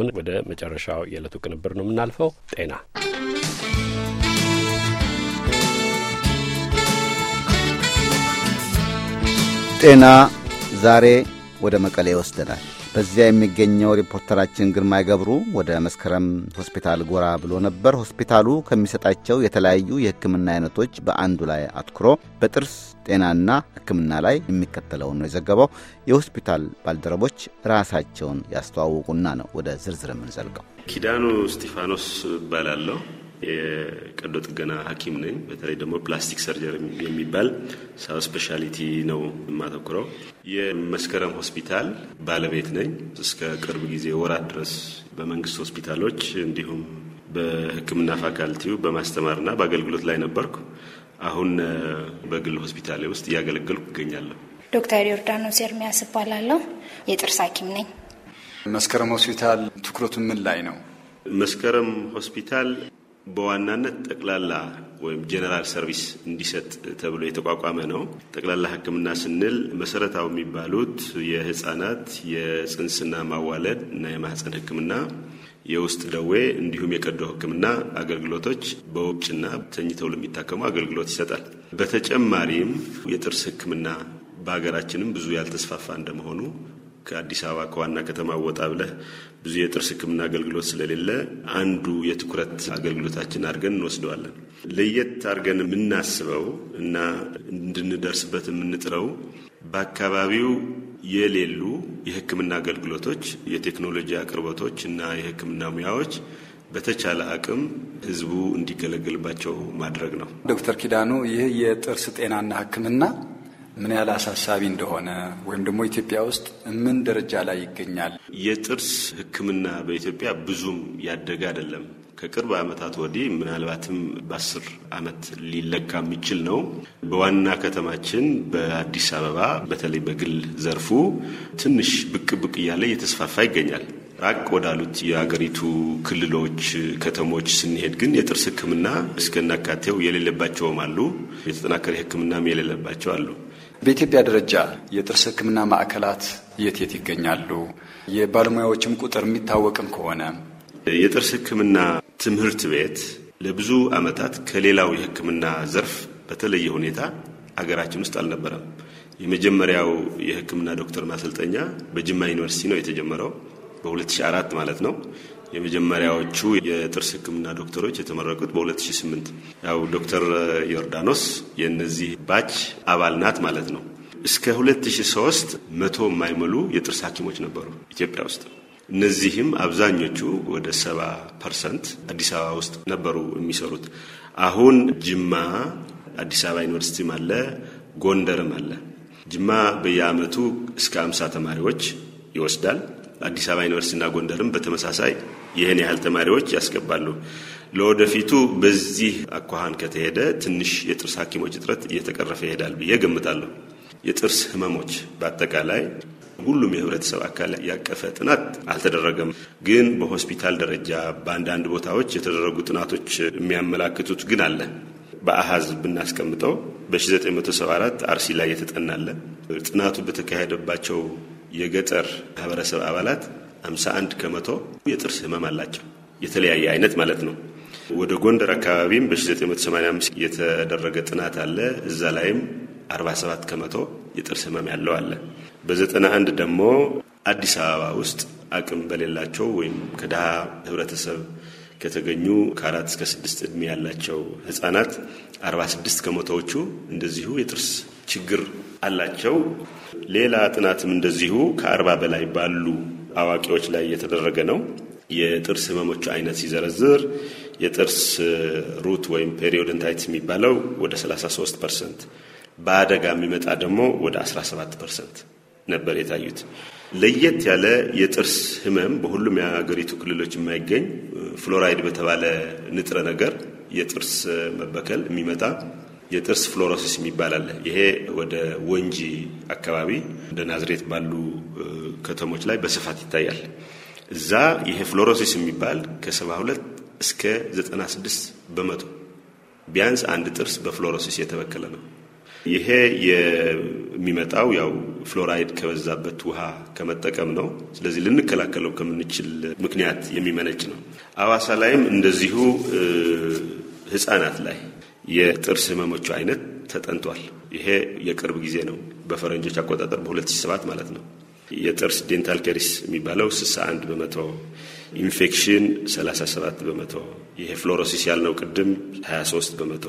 አሁን ወደ መጨረሻው የዕለቱ ቅንብር ነው የምናልፈው። ጤና ጤና ዛሬ ወደ መቀሌ ይወስደናል። በዚያ የሚገኘው ሪፖርተራችን ግርማ ገብሩ ወደ መስከረም ሆስፒታል ጎራ ብሎ ነበር። ሆስፒታሉ ከሚሰጣቸው የተለያዩ የሕክምና አይነቶች በአንዱ ላይ አትኩሮ በጥርስ ጤናና ሕክምና ላይ የሚከተለውን ነው የዘገበው። የሆስፒታል ባልደረቦች ራሳቸውን ያስተዋውቁና ነው ወደ ዝርዝር የምንዘልቀው። ኪዳኑ እስጢፋኖስ እባላለሁ። የቀዶ ጥገና ሐኪም ነኝ። በተለይ ደግሞ ፕላስቲክ ሰርጀሪ የሚባል ሳብ ስፔሻሊቲ ነው የማተኩረው። የመስከረም ሆስፒታል ባለቤት ነኝ። እስከ ቅርብ ጊዜ ወራት ድረስ በመንግስት ሆስፒታሎች እንዲሁም በሕክምና ፋካልቲው በማስተማርና በአገልግሎት ላይ ነበርኩ። አሁን በግል ሆስፒታል ውስጥ እያገለገልኩ እገኛለሁ። ዶክተር ዮርዳኖስ ኤርሚያስ እባላለሁ። የጥርስ ሐኪም ነኝ። መስከረም ሆስፒታል ትኩረቱ ምን ላይ ነው? መስከረም ሆስፒታል በዋናነት ጠቅላላ ወይም ጀነራል ሰርቪስ እንዲሰጥ ተብሎ የተቋቋመ ነው። ጠቅላላ ሕክምና ስንል መሰረታዊ የሚባሉት የህፃናት የጽንስና ማዋለድ እና የማህፀን ሕክምና የውስጥ ደዌ እንዲሁም የቀዶ ህክምና አገልግሎቶች በውጭና ተኝተው ለሚታከሙ አገልግሎት ይሰጣል። በተጨማሪም የጥርስ ህክምና በሀገራችንም ብዙ ያልተስፋፋ እንደመሆኑ ከአዲስ አበባ ከዋና ከተማ ወጣ ብለህ ብዙ የጥርስ ሕክምና አገልግሎት ስለሌለ አንዱ የትኩረት አገልግሎታችን አድርገን እንወስደዋለን። ለየት አድርገን የምናስበው እና እንድንደርስበት የምንጥረው በአካባቢው የሌሉ የሕክምና አገልግሎቶች፣ የቴክኖሎጂ አቅርቦቶች እና የሕክምና ሙያዎች በተቻለ አቅም ህዝቡ እንዲገለገልባቸው ማድረግ ነው። ዶክተር ኪዳኑ ይህ የጥርስ ጤናና ህክምና። ምን ያህል አሳሳቢ እንደሆነ ወይም ደግሞ ኢትዮጵያ ውስጥ ምን ደረጃ ላይ ይገኛል? የጥርስ ሕክምና በኢትዮጵያ ብዙም ያደገ አይደለም። ከቅርብ ዓመታት ወዲህ ምናልባትም በአስር ዓመት ሊለካ የሚችል ነው። በዋና ከተማችን በአዲስ አበባ በተለይ በግል ዘርፉ ትንሽ ብቅ ብቅ እያለ እየተስፋፋ ይገኛል። ራቅ ወዳሉት የአገሪቱ ክልሎች፣ ከተሞች ስንሄድ ግን የጥርስ ህክምና እስከናካቴው የሌለባቸውም አሉ። የተጠናከረ ህክምናም የሌለባቸው አሉ። በኢትዮጵያ ደረጃ የጥርስ ሕክምና ማዕከላት የት የት ይገኛሉ? የባለሙያዎችም ቁጥር የሚታወቅም ከሆነ የጥርስ ሕክምና ትምህርት ቤት ለብዙ ዓመታት ከሌላው የሕክምና ዘርፍ በተለየ ሁኔታ አገራችን ውስጥ አልነበረም። የመጀመሪያው የህክምና ዶክተር ማሰልጠኛ በጅማ ዩኒቨርሲቲ ነው የተጀመረው በ2004 ማለት ነው። የመጀመሪያዎቹ የጥርስ ሕክምና ዶክተሮች የተመረቁት በ2008 ያው ዶክተር ዮርዳኖስ የእነዚህ ባች አባል ናት ማለት ነው። እስከ 2003 መቶ የማይሞሉ የጥርስ ሐኪሞች ነበሩ ኢትዮጵያ ውስጥ። እነዚህም አብዛኞቹ ወደ 70 ፐርሰንት አዲስ አበባ ውስጥ ነበሩ የሚሰሩት። አሁን ጅማ አዲስ አበባ ዩኒቨርሲቲም አለ፣ ጎንደርም አለ። ጅማ በየአመቱ እስከ 50 ተማሪዎች ይወስዳል። አዲስ አበባ ዩኒቨርሲቲና ጎንደርም በተመሳሳይ ይህን ያህል ተማሪዎች ያስገባሉ። ለወደፊቱ በዚህ አኳኋን ከተሄደ ትንሽ የጥርስ ሐኪሞች እጥረት እየተቀረፈ ይሄዳል ብዬ ገምታለሁ። የጥርስ ህመሞች በአጠቃላይ ሁሉም የህብረተሰብ አካል ያቀፈ ጥናት አልተደረገም። ግን በሆስፒታል ደረጃ በአንዳንድ ቦታዎች የተደረጉ ጥናቶች የሚያመላክቱት ግን አለ። በአሃዝ ብናስቀምጠው በ1974 አርሲ ላይ የተጠናለ ጥናቱ በተካሄደባቸው የገጠር ማህበረሰብ አባላት 51 ከመቶ የጥርስ ህመም አላቸው። የተለያየ አይነት ማለት ነው። ወደ ጎንደር አካባቢም በ1985 የተደረገ ጥናት አለ። እዛ ላይም 47 ከመቶ የጥርስ ህመም ያለው አለ። በ91 ደግሞ አዲስ አበባ ውስጥ አቅም በሌላቸው ወይም ከድሃ ህብረተሰብ ከተገኙ ከአራት እስከ ስድስት ዕድሜ ያላቸው ህጻናት 46 ከመቶዎቹ እንደዚሁ የጥርስ ችግር አላቸው። ሌላ ጥናትም እንደዚሁ ከአርባ በላይ ባሉ አዋቂዎች ላይ የተደረገ ነው። የጥርስ ህመሞቹ አይነት ሲዘረዝር የጥርስ ሩት ወይም ፔሪዮዶንታይትስ የሚባለው ወደ 33 ፐርሰንት፣ በአደጋ የሚመጣ ደግሞ ወደ 17 ፐርሰንት ነበር የታዩት። ለየት ያለ የጥርስ ህመም በሁሉም የሀገሪቱ ክልሎች የማይገኝ ፍሎራይድ በተባለ ንጥረ ነገር የጥርስ መበከል የሚመጣ የጥርስ ፍሎረሲስ የሚባል አለ። ይሄ ወደ ወንጂ አካባቢ እንደ ናዝሬት ባሉ ከተሞች ላይ በስፋት ይታያል። እዛ ይሄ ፍሎሮሲስ የሚባል ከ72 እስከ 96 በመቶ ቢያንስ አንድ ጥርስ በፍሎሮሲስ የተበከለ ነው። ይሄ የሚመጣው ያው ፍሎራይድ ከበዛበት ውሃ ከመጠቀም ነው። ስለዚህ ልንከላከለው ከምንችል ምክንያት የሚመነጭ ነው። አዋሳ ላይም እንደዚሁ ህጻናት ላይ የጥርስ ህመሞቹ አይነት ተጠንቷል። ይሄ የቅርብ ጊዜ ነው፣ በፈረንጆች አቆጣጠር በ2007 ማለት ነው። የጥርስ ዴንታል ከሪስ የሚባለው 61 በመቶ ኢንፌክሽን 37 በመቶ፣ ይሄ ፍሎሮሲስ ያልነው ቅድም 23 በመቶ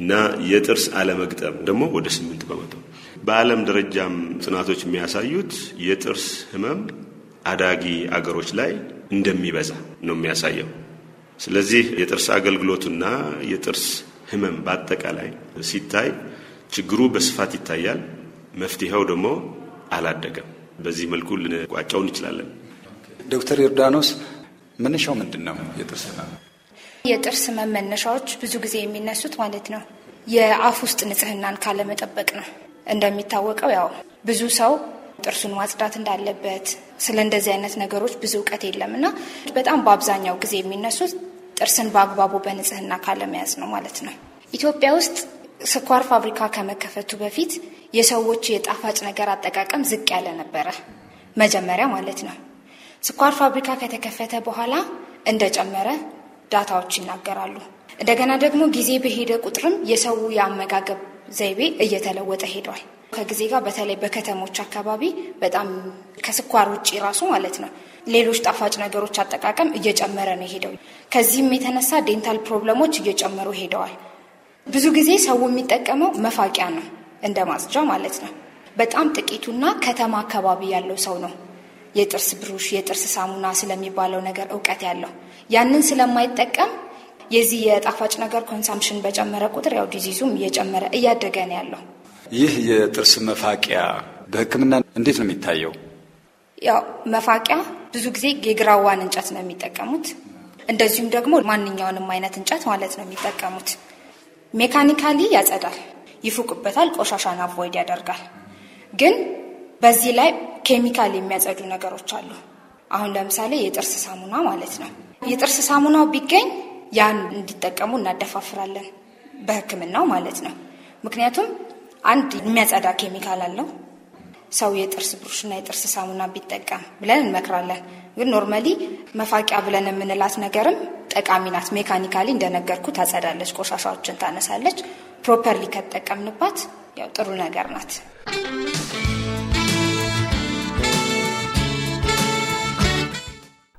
እና የጥርስ አለመግጠም ደግሞ ወደ 8 በመቶ። በዓለም ደረጃም ጥናቶች የሚያሳዩት የጥርስ ህመም አዳጊ አገሮች ላይ እንደሚበዛ ነው የሚያሳየው። ስለዚህ የጥርስ አገልግሎቱና የጥርስ ህመም በአጠቃላይ ሲታይ ችግሩ በስፋት ይታያል። መፍትሄው ደግሞ አላደገም። በዚህ መልኩ ልንቋጫው እንችላለን። ዶክተር ዮርዳኖስ መነሻው ምንድን ነው? የጥርስ ህመም የጥርስ ህመም መነሻዎች ብዙ ጊዜ የሚነሱት ማለት ነው የአፍ ውስጥ ንጽህናን ካለመጠበቅ ነው። እንደሚታወቀው ያው ብዙ ሰው ጥርሱን ማጽዳት እንዳለበት ስለ እንደዚህ አይነት ነገሮች ብዙ እውቀት የለም እና በጣም በአብዛኛው ጊዜ የሚነሱት ጥርስን በአግባቡ በንጽህና ካለመያዝ ነው ማለት ነው። ኢትዮጵያ ውስጥ ስኳር ፋብሪካ ከመከፈቱ በፊት የሰዎች የጣፋጭ ነገር አጠቃቀም ዝቅ ያለ ነበረ፣ መጀመሪያ ማለት ነው። ስኳር ፋብሪካ ከተከፈተ በኋላ እንደጨመረ ዳታዎች ይናገራሉ። እንደገና ደግሞ ጊዜ በሄደ ቁጥርም የሰው የአመጋገብ ዘይቤ እየተለወጠ ሄዷል። ከጊዜ ጋር በተለይ በከተሞች አካባቢ በጣም ከስኳር ውጭ ራሱ ማለት ነው ሌሎች ጣፋጭ ነገሮች አጠቃቀም እየጨመረ ነው ሄደው። ከዚህም የተነሳ ዴንታል ፕሮብለሞች እየጨመሩ ሄደዋል። ብዙ ጊዜ ሰው የሚጠቀመው መፋቂያ ነው፣ እንደ ማጽጃ ማለት ነው። በጣም ጥቂቱና ከተማ አካባቢ ያለው ሰው ነው የጥርስ ብሩሽ፣ የጥርስ ሳሙና ስለሚባለው ነገር እውቀት ያለው። ያንን ስለማይጠቀም የዚህ የጣፋጭ ነገር ኮንሳምፕሽን በጨመረ ቁጥር ያው ዲዚዙም እየጨመረ እያደገ ነው ያለው። ይህ የጥርስ መፋቂያ በህክምና እንዴት ነው የሚታየው? ያው መፋቂያ ብዙ ጊዜ የግራዋን እንጨት ነው የሚጠቀሙት። እንደዚሁም ደግሞ ማንኛውንም አይነት እንጨት ማለት ነው የሚጠቀሙት። ሜካኒካሊ ያጸዳል፣ ይፉቅበታል፣ ቆሻሻን አቮይድ ያደርጋል። ግን በዚህ ላይ ኬሚካል የሚያጸዱ ነገሮች አሉ። አሁን ለምሳሌ የጥርስ ሳሙና ማለት ነው። የጥርስ ሳሙናው ቢገኝ ያን እንዲጠቀሙ እናደፋፍራለን፣ በህክምናው ማለት ነው። ምክንያቱም አንድ የሚያጸዳ ኬሚካል አለው። ሰው የጥርስ ብሩሽና የጥርስ ሳሙና ቢጠቀም ብለን እንመክራለን። ግን ኖርማሊ መፋቂያ ብለን የምንላት ነገርም ጠቃሚ ናት። ሜካኒካሊ እንደነገርኩ ታጸዳለች፣ ቆሻሻዎችን ታነሳለች። ፕሮፐርሊ ከተጠቀምንባት ያው ጥሩ ነገር ናት።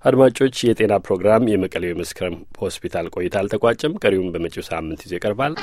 አድማጮች፣ የጤና ፕሮግራም የመቀሌው የመስከረም ሆስፒታል ቆይታ አልተቋጨም። ቀሪውም በመጪው ሳምንት ይዞ ይቀርባል።